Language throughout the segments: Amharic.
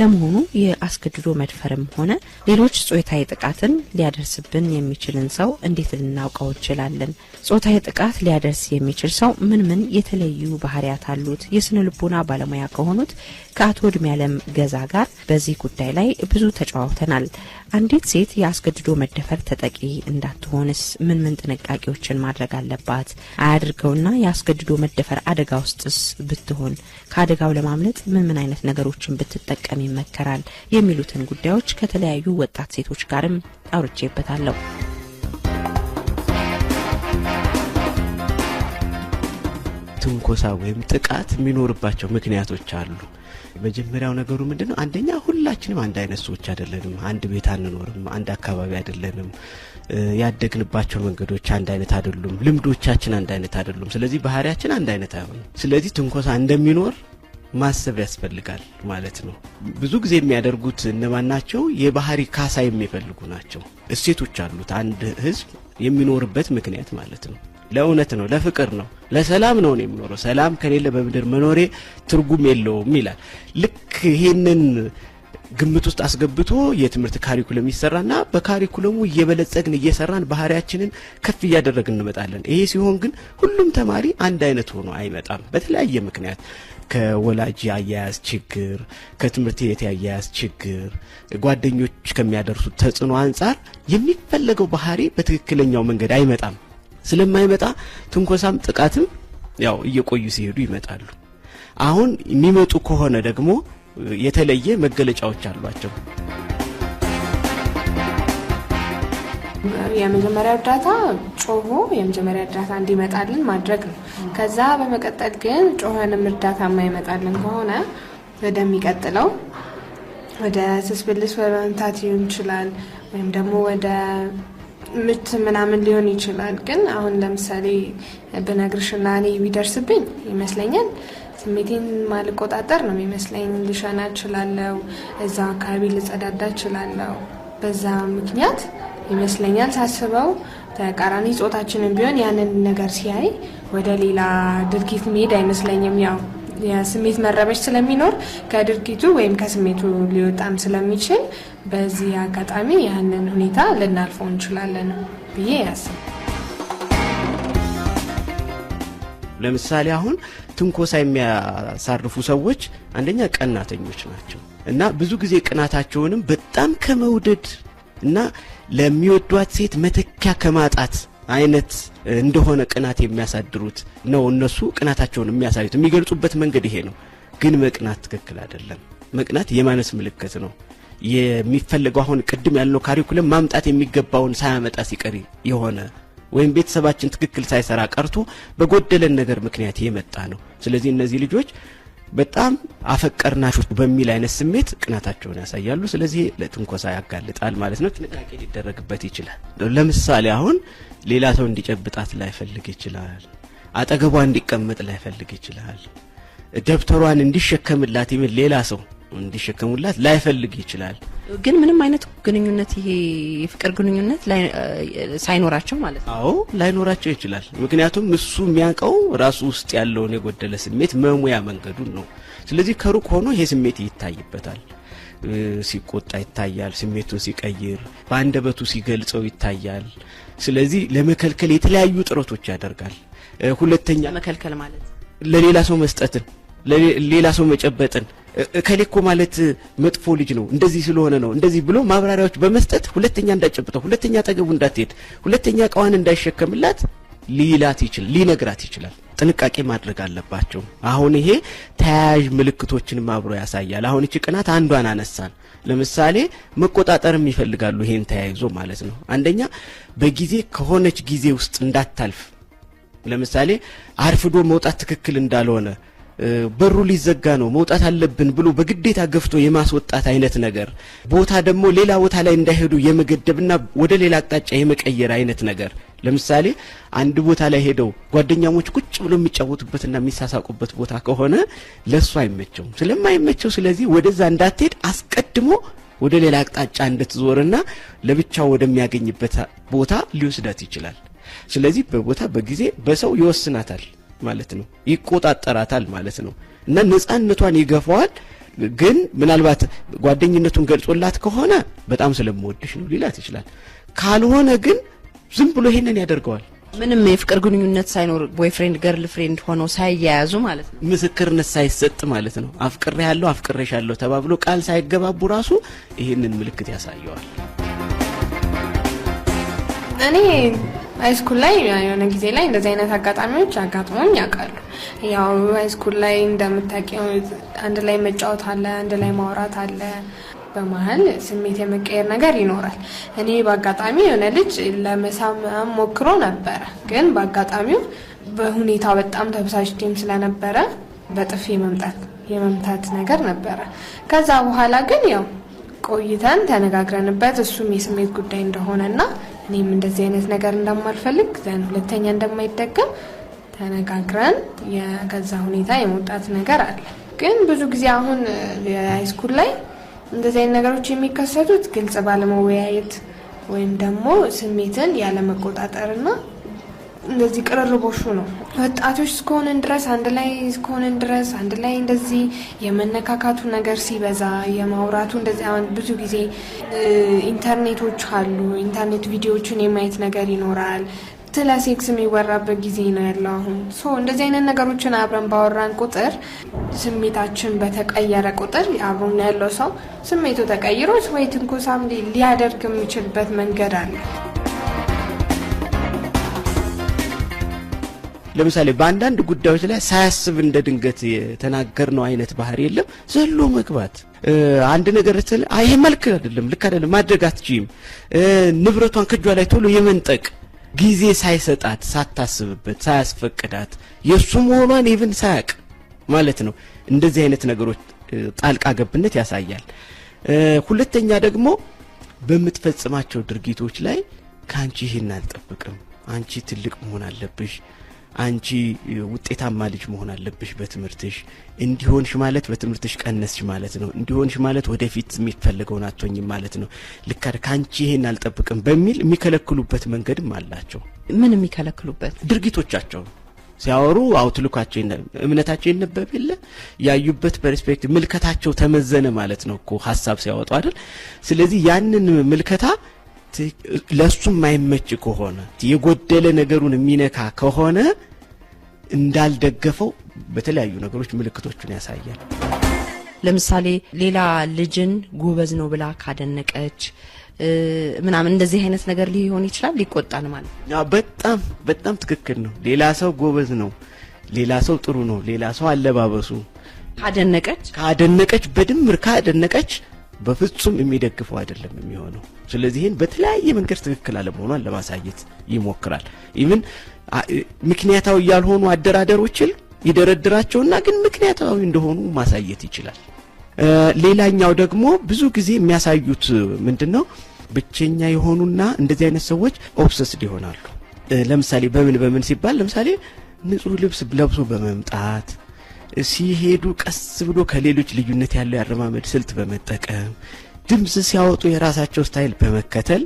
ለመሆኑ የአስገድዶ መድፈርም ሆነ ሌሎች ጾታዊ ጥቃትን ሊያደርስብን የሚችልን ሰው እንዴት ልናውቀው እንችላለን? ጾታዊ ጥቃት ሊያደርስ የሚችል ሰው ምን ምን የተለዩ ባህሪያት አሉት? የስነ ልቦና ባለሙያ ከሆኑት ከአቶ እድሜ ያለም ገዛ ጋር በዚህ ጉዳይ ላይ ብዙ ተጨዋውተናል። አንዲት ሴት የአስገድዶ መደፈር ተጠቂ እንዳትሆንስ ምን ምን ጥንቃቄዎችን ማድረግ አለባት? አያድርገውና የአስገድዶ መደፈር አደጋ ውስጥስ ብትሆን ከአደጋው ለማምለጥ ምን ምን አይነት ነገሮችን ብትጠቀም ይመከራል? የሚሉትን ጉዳዮች ከተለያዩ ወጣት ሴቶች ጋርም አውርቼበታለሁ። ትንኮሳ ወይም ጥቃት የሚኖርባቸው ምክንያቶች አሉ። መጀመሪያው ነገሩ ምንድን ነው? አንደኛ ሁላችንም አንድ አይነት ሰዎች አይደለንም። አንድ ቤት አንኖርም። አንድ አካባቢ አይደለንም። ያደግንባቸው መንገዶች አንድ አይነት አይደሉም። ልምዶቻችን አንድ አይነት አይደሉም። ስለዚህ ባህሪያችን አንድ አይነት አይሆንም። ስለዚህ ትንኮሳ እንደሚኖር ማሰብ ያስፈልጋል ማለት ነው። ብዙ ጊዜ የሚያደርጉት እነማን ናቸው? የባህሪ ካሳ የሚፈልጉ ናቸው። እሴቶች አሉት አንድ ህዝብ የሚኖርበት ምክንያት ማለት ነው። ለእውነት ነው፣ ለፍቅር ነው፣ ለሰላም ነው እኔ የምኖረው። ሰላም ከሌለ በምድር መኖሬ ትርጉም የለውም ይላል። ልክ ይህንን ግምት ውስጥ አስገብቶ የትምህርት ካሪኩለም ይሰራና በካሪኩለሙ እየበለጸግን እየሰራን ባህሪያችንን ከፍ እያደረግን እንመጣለን። ይሄ ሲሆን ግን ሁሉም ተማሪ አንድ አይነት ሆኖ አይመጣም። በተለያየ ምክንያት ከወላጅ አያያዝ ችግር፣ ከትምህርት ቤት አያያዝ ችግር፣ ጓደኞች ከሚያደርሱት ተጽዕኖ አንጻር የሚፈለገው ባህሪ በትክክለኛው መንገድ አይመጣም። ስለማይመጣ ትንኮሳም ጥቃትም ያው እየቆዩ ሲሄዱ ይመጣሉ። አሁን የሚመጡ ከሆነ ደግሞ የተለየ መገለጫዎች አሏቸው። የመጀመሪያ እርዳታ ጮሆ የመጀመሪያ እርዳታ እንዲመጣልን ማድረግ ነው። ከዛ በመቀጠል ግን ጮሆንም እርዳታ የማይመጣልን ከሆነ ወደሚቀጥለው ወደ ስስብልስ በመምታት ይሆን ይችላል ወይም ደግሞ ወደ ምት ምናምን ሊሆን ይችላል። ግን አሁን ለምሳሌ ብነግርሽና እኔ ቢደርስብኝ ይመስለኛል ስሜቴን ማልቆጣጠር ነው የሚመስለኝ። ልሸና እችላለሁ፣ እዛ አካባቢ ልጸዳዳ እችላለሁ። በዛ ምክንያት ይመስለኛል ሳስበው ተቃራኒ ጾታችንን ቢሆን ያንን ነገር ሲያይ ወደ ሌላ ድርጊት መሄድ አይመስለኝም ያው የስሜት መረበሽ ስለሚኖር ከድርጊቱ ወይም ከስሜቱ ሊወጣም ስለሚችል በዚህ አጋጣሚ ያንን ሁኔታ ልናልፈው እንችላለን ብዬ ያስብ። ለምሳሌ አሁን ትንኮሳ የሚያሳርፉ ሰዎች አንደኛ ቀናተኞች ናቸው እና ብዙ ጊዜ ቅናታቸውንም በጣም ከመውደድ እና ለሚወዷት ሴት መተኪያ ከማጣት አይነት እንደሆነ ቅናት የሚያሳድሩት ነው። እነሱ ቅናታቸውን የሚያሳዩት የሚገልጹበት መንገድ ይሄ ነው። ግን መቅናት ትክክል አይደለም። መቅናት የማነስ ምልክት ነው። የሚፈለገው አሁን ቅድም ያለው ካሪኩለም ማምጣት የሚገባውን ሳያመጣ ሲቀሪ የሆነ ወይም ቤተሰባችን ትክክል ሳይሰራ ቀርቶ በጎደለን ነገር ምክንያት የመጣ ነው። ስለዚህ እነዚህ ልጆች በጣም አፈቀርናችሁ በሚል አይነት ስሜት ቅናታቸውን ያሳያሉ። ስለዚህ ለትንኮሳ ያጋልጣል ማለት ነው። ጥንቃቄ ሊደረግበት ይችላል። ለምሳሌ አሁን ሌላ ሰው እንዲጨብጣት ላይፈልግ ይችላል። አጠገቧ እንዲቀመጥ ላይፈልግ ይችላል። ደብተሯን እንዲሸከምላት የሚል ሌላ ሰው እንዲሸከሙላት ላይፈልግ ይችላል። ግን ምንም አይነት ግንኙነት ይሄ የፍቅር ግንኙነት ሳይኖራቸው ማለት ነው። አዎ ላይኖራቸው ይችላል። ምክንያቱም እሱ የሚያውቀው ራሱ ውስጥ ያለውን የጎደለ ስሜት መሙያ መንገዱን ነው። ስለዚህ ከሩቅ ሆኖ ይሄ ስሜት ይታይበታል። ሲቆጣ ይታያል። ስሜቱን ሲቀይር በአንደበቱ ሲገልጸው ይታያል። ስለዚህ ለመከልከል የተለያዩ ጥረቶች ያደርጋል። ሁለተኛ መከልከል ማለት ለሌላ ሰው መስጠትን፣ ለሌላ ሰው መጨበጥን ከሌኮ ማለት መጥፎ ልጅ ነው፣ እንደዚህ ስለሆነ ነው እንደዚህ ብሎ ማብራሪያዎች በመስጠት ሁለተኛ እንዳጨብጠው፣ ሁለተኛ አጠገቡ እንዳትሄድ፣ ሁለተኛ እቃዋን እንዳይሸከምላት ሊላት ይችላል፣ ሊነግራት ይችላል። ጥንቃቄ ማድረግ አለባቸው። አሁን ይሄ ተያያዥ ምልክቶችንም አብሮ ያሳያል። አሁን እቺ ቅናት አንዷን አነሳን። ለምሳሌ መቆጣጠርም ይፈልጋሉ፣ ይሄን ተያይዞ ማለት ነው። አንደኛ በጊዜ ከሆነች ጊዜ ውስጥ እንዳታልፍ። ለምሳሌ አርፍዶ መውጣት ትክክል እንዳልሆነ በሩ ሊዘጋ ነው መውጣት አለብን ብሎ በግዴታ ገፍቶ የማስወጣት አይነት ነገር፣ ቦታ ደግሞ ሌላ ቦታ ላይ እንዳይሄዱ የመገደብና ወደ ሌላ አቅጣጫ የመቀየር አይነት ነገር። ለምሳሌ አንድ ቦታ ላይ ሄደው ጓደኛሞች ቁጭ ብሎ የሚጫወቱበትና የሚሳሳቁበት ቦታ ከሆነ ለሱ አይመቸውም። ስለማይመቸው ስለዚህ ወደዛ እንዳትሄድ አስቀድሞ ወደ ሌላ አቅጣጫ እንድትዞርና ለብቻው ወደሚያገኝበት ቦታ ሊወስዳት ይችላል። ስለዚህ በቦታ በጊዜ በሰው ይወስናታል። ማለት ነው። ይቆጣጠራታል ማለት ነው እና ነፃነቷን ይገፋዋል። ግን ምናልባት ጓደኝነቱን ገልጾላት ከሆነ በጣም ስለምወድሽ ነው ሊላት ይችላል። ካልሆነ ግን ዝም ብሎ ይሄንን ያደርገዋል። ምንም የፍቅር ግንኙነት ሳይኖር ቦይፍሬንድ ገርል ፍሬንድ ሆኖ ሳይያያዙ ማለት ነው። ምስክርነት ሳይሰጥ ማለት ነው። አፍቅር ያለው አፍቅሬሽ ያለው ተባብሎ ቃል ሳይገባቡ ራሱ ይህንን ምልክት ያሳየዋል። እኔ ሃይስኩል ላይ የሆነ ጊዜ ላይ እንደዚህ አይነት አጋጣሚዎች አጋጥሞም ያውቃሉ። ያው ሃይስኩል ላይ እንደምታውቂው አንድ ላይ መጫወት አለ፣ አንድ ላይ ማውራት አለ። በመሀል ስሜት የመቀየር ነገር ይኖራል። እኔ በአጋጣሚ የሆነ ልጅ ለመሳም ሞክሮ ነበረ፣ ግን በአጋጣሚው በሁኔታ በጣም ተበሳጭቼም ስለነበረ በጥፊ መምጣት የመምታት ነገር ነበረ። ከዛ በኋላ ግን ያው ቆይተን ተነጋግረንበት እሱም የስሜት ጉዳይ እንደሆነና እኔም እንደዚህ አይነት ነገር እንደማልፈልግ ዘን ሁለተኛ እንደማይደገም ተነጋግረን ከዛ ሁኔታ የመውጣት ነገር አለ። ግን ብዙ ጊዜ አሁን የሃይስኩል ላይ እንደዚህ አይነት ነገሮች የሚከሰቱት ግልጽ ባለመወያየት ወይም ደግሞ ስሜትን ያለመቆጣጠርና እንደዚህ ቅርርቦሹ ነው። ወጣቶች እስከሆንን ድረስ አንድ ላይ እስከሆንን ድረስ አንድ ላይ እንደዚህ የመነካካቱ ነገር ሲበዛ የማውራቱ እንደዚህ አሁን ብዙ ጊዜ ኢንተርኔቶች አሉ። ኢንተርኔት ቪዲዮዎችን የማየት ነገር ይኖራል። ስለ ሴክስ የሚወራበት ጊዜ ነው ያለው አሁን። ሶ እንደዚህ አይነት ነገሮችን አብረን ባወራን ቁጥር ስሜታችን በተቀየረ ቁጥር አብሮን ያለው ሰው ስሜቱ ተቀይሮ ወይ ትንኮሳም ሊያደርግ የሚችልበት መንገድ አለ። ለምሳሌ በአንዳንድ ጉዳዮች ላይ ሳያስብ እንደ ድንገት የተናገርነው አይነት ባህር የለም። ዘሎ መግባት አንድ ነገር ስል ይሄ መልክ አይደለም፣ ልክ አይደለም፣ ማድረግ አትችም ንብረቷን ከጇ ላይ ቶሎ የመንጠቅ ጊዜ ሳይሰጣት ሳታስብበት ሳያስፈቅዳት የእሱ መሆኗን ይብን ሳያቅ ማለት ነው። እንደዚህ አይነት ነገሮች ጣልቃ ገብነት ያሳያል። ሁለተኛ ደግሞ በምትፈጽማቸው ድርጊቶች ላይ ከአንቺ ይህን አልጠብቅም፣ አንቺ ትልቅ መሆን አለብሽ አንቺ ውጤታማ ልጅ መሆን አለብሽ በትምህርትሽ እንዲሆንሽ ማለት በትምህርትሽ ቀነስሽ ማለት ነው። እንዲሆንሽ ማለት ወደፊት የሚፈለገውን አትሆኝም ማለት ነው። ልካ ከአንቺ ይሄን አልጠብቅም በሚል የሚከለክሉበት መንገድም አላቸው። ምን የሚከለክሉበት ድርጊቶቻቸው ሲያወሩ አውትልኳቸው እምነታቸው ይነበብ የለ ያዩበት ፐርስፔክት ምልከታቸው ተመዘነ ማለት ነው እኮ ሀሳብ ሲያወጡ አይደል። ስለዚህ ያንን ምልከታ ለሱ የማይመች ከሆነ የጎደለ ነገሩን የሚነካ ከሆነ እንዳልደገፈው በተለያዩ ነገሮች ምልክቶቹን ያሳያል። ለምሳሌ ሌላ ልጅን ጎበዝ ነው ብላ ካደነቀች ምናምን እንደዚህ አይነት ነገር ሊሆን ይችላል። ሊቆጣን ማለት በጣም በጣም ትክክል ነው። ሌላ ሰው ጎበዝ ነው፣ ሌላ ሰው ጥሩ ነው፣ ሌላ ሰው አለባበሱ ካደነቀች ካደነቀች በድምር ካደነቀች በፍጹም የሚደግፈው አይደለም የሚሆነው። ስለዚህ ይህን በተለያየ መንገድ ትክክል አለመሆኗን ለማሳየት ይሞክራል። ኢቭን ምክንያታዊ ያልሆኑ አደራደሮችን ይደረድራቸውና ግን ምክንያታዊ እንደሆኑ ማሳየት ይችላል። ሌላኛው ደግሞ ብዙ ጊዜ የሚያሳዩት ምንድን ነው? ብቸኛ የሆኑና እንደዚህ አይነት ሰዎች ኦብሰስድ ይሆናሉ። ለምሳሌ በምን በምን ሲባል ለምሳሌ ንጹህ ልብስ ለብሶ በመምጣት ሲሄዱ ቀስ ብሎ ከሌሎች ልዩነት ያለው ያረማመድ ስልት በመጠቀም ድምፅ ሲያወጡ የራሳቸው ስታይል በመከተል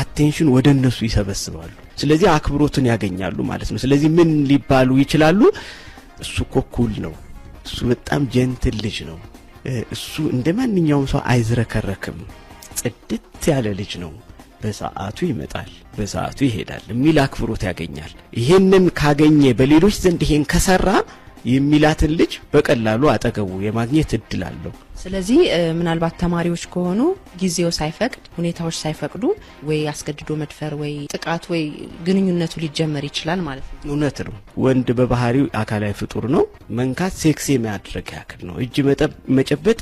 አቴንሽን ወደ እነሱ ይሰበስባሉ። ስለዚህ አክብሮትን ያገኛሉ ማለት ነው። ስለዚህ ምን ሊባሉ ይችላሉ? እሱ እኮ ኩል ነው፣ እሱ በጣም ጀንትል ልጅ ነው፣ እሱ እንደ ማንኛውም ሰው አይዝረከረክም፣ ጽድት ያለ ልጅ ነው፣ በሰዓቱ ይመጣል፣ በሰዓቱ ይሄዳል የሚል አክብሮት ያገኛል። ይሄንን ካገኘ በሌሎች ዘንድ ይሄን ከሰራ የሚላትን ልጅ በቀላሉ አጠገቡ የማግኘት እድል አለው። ስለዚህ ምናልባት ተማሪዎች ከሆኑ ጊዜው ሳይፈቅድ ሁኔታዎች ሳይፈቅዱ ወይ አስገድዶ መድፈር ወይ ጥቃት ወይ ግንኙነቱ ሊጀመር ይችላል ማለት ነው። እውነት ነው። ወንድ በባህሪው አካላዊ ፍጡር ነው። መንካት ሴክስ የሚያደርግ ያክል ነው። እጅ መጨበጥ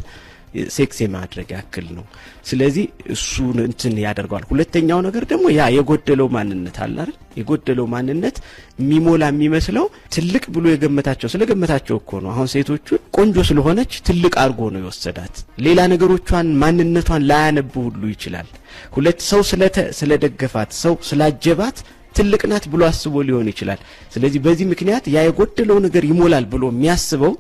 ሴክስ የማድረግ ያክል ነው። ስለዚህ እሱን እንትን ያደርገዋል። ሁለተኛው ነገር ደግሞ ያ የጎደለው ማንነት አለ አይደል? የጎደለው ማንነት የሚሞላ የሚመስለው ትልቅ ብሎ የገመታቸው ስለገመታቸው እኮ ነው። አሁን ሴቶቹን ቆንጆ ስለሆነች ትልቅ አድርጎ ነው የወሰዳት። ሌላ ነገሮቿን ማንነቷን ላያነብ ሁሉ ይችላል። ሁለት ሰው ስለደገፋት ሰው ስላጀባት ትልቅ ናት ብሎ አስቦ ሊሆን ይችላል። ስለዚህ በዚህ ምክንያት ያ የጎደለው ነገር ይሞላል ብሎ የሚያስበው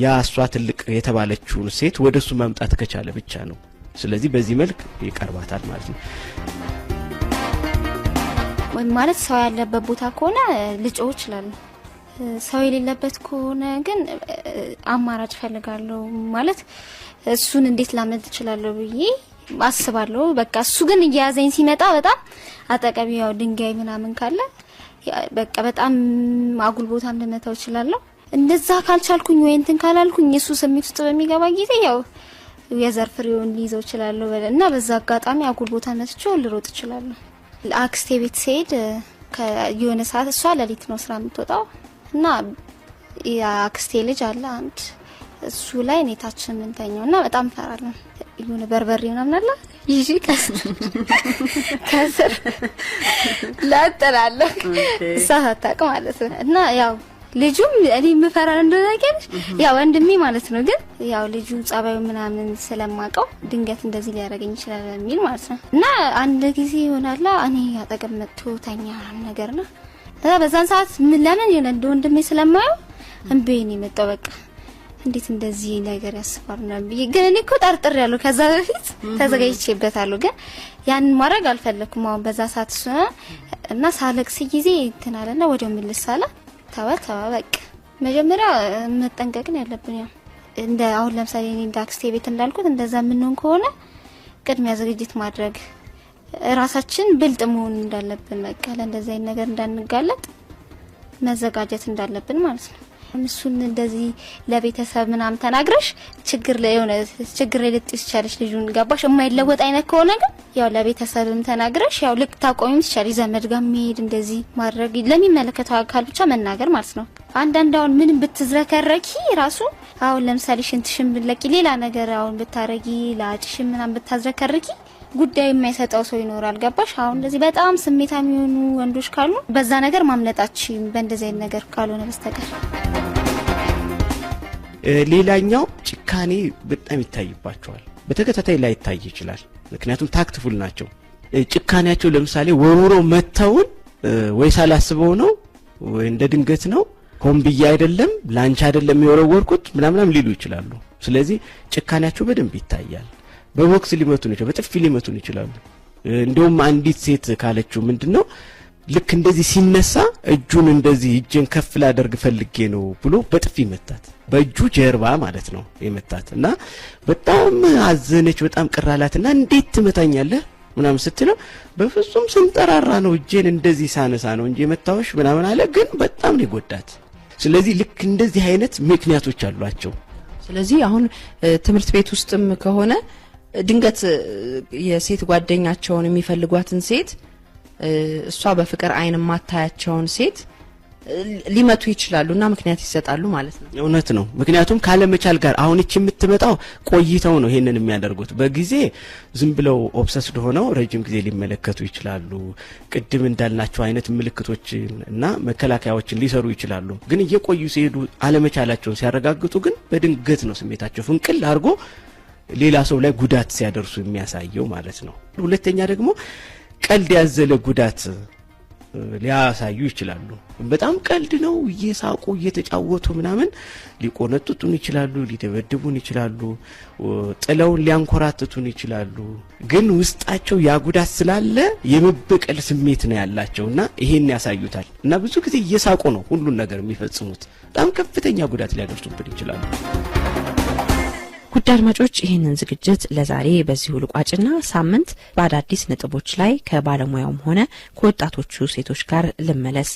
ያ እሷ ትልቅ የተባለችውን ሴት ወደ እሱ መምጣት ከቻለ ብቻ ነው። ስለዚህ በዚህ መልክ ይቀርባታል ማለት ነው። ማለት ሰው ያለበት ቦታ ከሆነ ልጮ ይችላል። ሰው የሌለበት ከሆነ ግን አማራጭ ፈልጋለሁ። ማለት እሱን እንዴት ላምነት እችላለሁ ብዬ አስባለሁ። በቃ እሱ ግን እየያዘኝ ሲመጣ በጣም ያው ድንጋይ ምናምን ካለ በቃ በጣም አጉል ቦታ ልመታው እችላለሁ። እንደዛ ካልቻልኩኝ ወይ እንትን ካላልኩኝ እሱ ስሜት ውስጥ በሚገባ ጊዜ ያው የዘር ፍሬውን ሊይዘው እችላለሁ እና በዛ አጋጣሚ አጉል ቦታ ነስቼው ልሮጥ እችላለሁ። አክስቴ ቤት ስሄድ የሆነ ሰዓት እሷ ለሊት ነው ስራ የምትወጣው እና የአክስቴ ልጅ አለ አንድ እሱ ላይ እኔታችን የምንተኛው እና በጣም ፈራለን። የሆነ በርበሬ ምናምን አለ ይዤ ከስር ላጠላለሁ እሷ ሳታውቅ ማለት ነው እና ያው ልጁም እኔ የምፈራ እንደሆነ ነገር ያው ወንድሜ ማለት ነው። ግን ያው ልጁ ጸባዩ ምናምን ስለማቀው ድንገት እንደዚህ ሊያደርገኝ ይችላል የሚል ማለት ነው እና አንድ ጊዜ ይሆናላ እኔ አጠገብ መጥቶ ተኛ ነገር ነው። ከዛ በዛን ሰዓት ምን ለምን የሆነ እንደ ወንድሜ ስለማየው እምቤ ነው የመጣው። በቃ እንዴት እንደዚህ ነገር ያስፋል ነው ብዬ ግን እኔ እኮ ጠርጥር ያለሁ ከዛ በፊት ተዘጋጅቼበታለሁ። ግን ያንን ማድረግ አልፈለኩም አሁን በዛ ሰዓት እና ሳለቅስ ጊዜ እንትን አለና ወዲያው ምልስ አለ ተወ ተወ በቃ መጀመሪያ መጠንቀቅን ያለብን ያው እንደ አሁን ለምሳሌ እኔ እንደ አክስቴ ቤት እንዳልኩት እንደዛ የምንሆን ከሆነ ቅድሚያ ዝግጅት ማድረግ ራሳችን ብልጥ መሆን እንዳለብን በቃ ለእንደዚህ አይነት ነገር እንዳንጋለጥ መዘጋጀት እንዳለብን ማለት ነው። እሱን እንደዚህ ለቤተሰብ ምናም ተናግረሽ ችግር ላይ ችግር ላይ ልጥይ ትችያለሽ። ልጁን ገባሽ የማይለወጥ አይነት ከሆነ ግን ያው ለቤተሰብም ተናግረሽ ያው ልክ ታቆሚም ትችያለሽ። ዘመድ ጋር መሄድ እንደዚህ ማድረግ ለሚመለከተው አካል ብቻ መናገር ማለት ነው። አንዳንድ አሁን ምንም ብትዝረከረኪ ራሱ አሁን ለምሳሌ ሽንትሽን ብለቂ ሌላ ነገር አሁን ብታረጊ ለአጭሽን ምናም ብታዝረከረኪ ጉዳይ የማይሰጠው ሰው ይኖራል። ገባሽ? አሁን እንደዚህ በጣም ስሜታ የሚሆኑ ወንዶች ካሉ በዛ ነገር ማምለጣችን በእንደዚህ አይነት ነገር ካልሆነ በስተቀር ሌላኛው ጭካኔ በጣም ይታይባቸዋል። በተከታታይ ላይ ይታይ ይችላል። ምክንያቱም ታክትፉል ናቸው። ጭካኔያቸው ለምሳሌ ወርውሮ መተውን ወይ ሳላስበው ነው ወይ እንደ ድንገት ነው ሆን ብዬ አይደለም ላንቺ አይደለም የወረወርኩት ምናምናም ሊሉ ይችላሉ። ስለዚህ ጭካኔያቸው በደንብ ይታያል። በቦክስ ሊመቱን ይችላሉ፣ በጥፊ ሊመቱን ይችላሉ። እንደውም አንዲት ሴት ካለችው ምንድን ነው ልክ እንደዚህ ሲነሳ እጁን እንደዚህ እጅን ከፍ ላደርግ ፈልጌ ነው ብሎ በጥፊ መታት። በእጁ ጀርባ ማለት ነው የመታት እና በጣም አዘነች። በጣም ቅር እና እንዴት ትመታኛለህ ምናምን ስትለው በፍጹም ስንጠራራ ነው እጄን እንደዚህ ሳነሳ ነው እንጂ የመታዎች ምናምን አለ። ግን በጣም ነው የጎዳት። ስለዚህ ልክ እንደዚህ አይነት ምክንያቶች አሏቸው። ስለዚህ አሁን ትምህርት ቤት ውስጥም ከሆነ ድንገት የሴት ጓደኛቸውን የሚፈልጓትን ሴት እሷ በፍቅር አይን የማታያቸውን ሴት ሊመቱ ይችላሉ እና ምክንያት ይሰጣሉ ማለት ነው። እውነት ነው። ምክንያቱም ካለመቻል ጋር አሁን እች የምትመጣው ቆይተው ነው ይሄንን የሚያደርጉት። በጊዜ ዝም ብለው ኦብሰስድ ሆነው ረጅም ጊዜ ሊመለከቱ ይችላሉ። ቅድም እንዳልናቸው አይነት ምልክቶችን እና መከላከያዎችን ሊሰሩ ይችላሉ። ግን እየቆዩ ሲሄዱ አለመቻላቸውን ሲያረጋግጡ ግን በድንገት ነው ስሜታቸው ፍንቅል አድርጎ ሌላ ሰው ላይ ጉዳት ሲያደርሱ የሚያሳየው ማለት ነው። ሁለተኛ ደግሞ ቀልድ ያዘለ ጉዳት ሊያሳዩ ይችላሉ። በጣም ቀልድ ነው እየሳቁ እየተጫወቱ ምናምን ሊቆነጥጡን ይችላሉ፣ ሊደበድቡን ይችላሉ፣ ጥለውን ሊያንኮራትቱን ይችላሉ። ግን ውስጣቸው ያ ጉዳት ስላለ የመበቀል ስሜት ነው ያላቸው እና ይሄን ያሳዩታል እና ብዙ ጊዜ እየሳቁ ነው ሁሉን ነገር የሚፈጽሙት። በጣም ከፍተኛ ጉዳት ሊያደርሱብን ይችላሉ። ውድ አድማጮች ይህንን ዝግጅት ለዛሬ በዚሁ ልቋጭና ሳምንት በአዳዲስ ነጥቦች ላይ ከባለሙያውም ሆነ ከወጣቶቹ ሴቶች ጋር ልመለስ።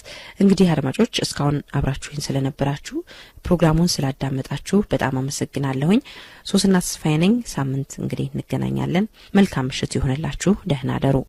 እንግዲህ አድማጮች እስካሁን አብራችሁኝ ስለነበራችሁ ፕሮግራሙን ስላዳመጣችሁ በጣም አመሰግናለሁኝ። ሶስና ተስፋዬ ነኝ። ሳምንት እንግዲህ እንገናኛለን። መልካም ምሽት ይሆንላችሁ። ደህና ደሩ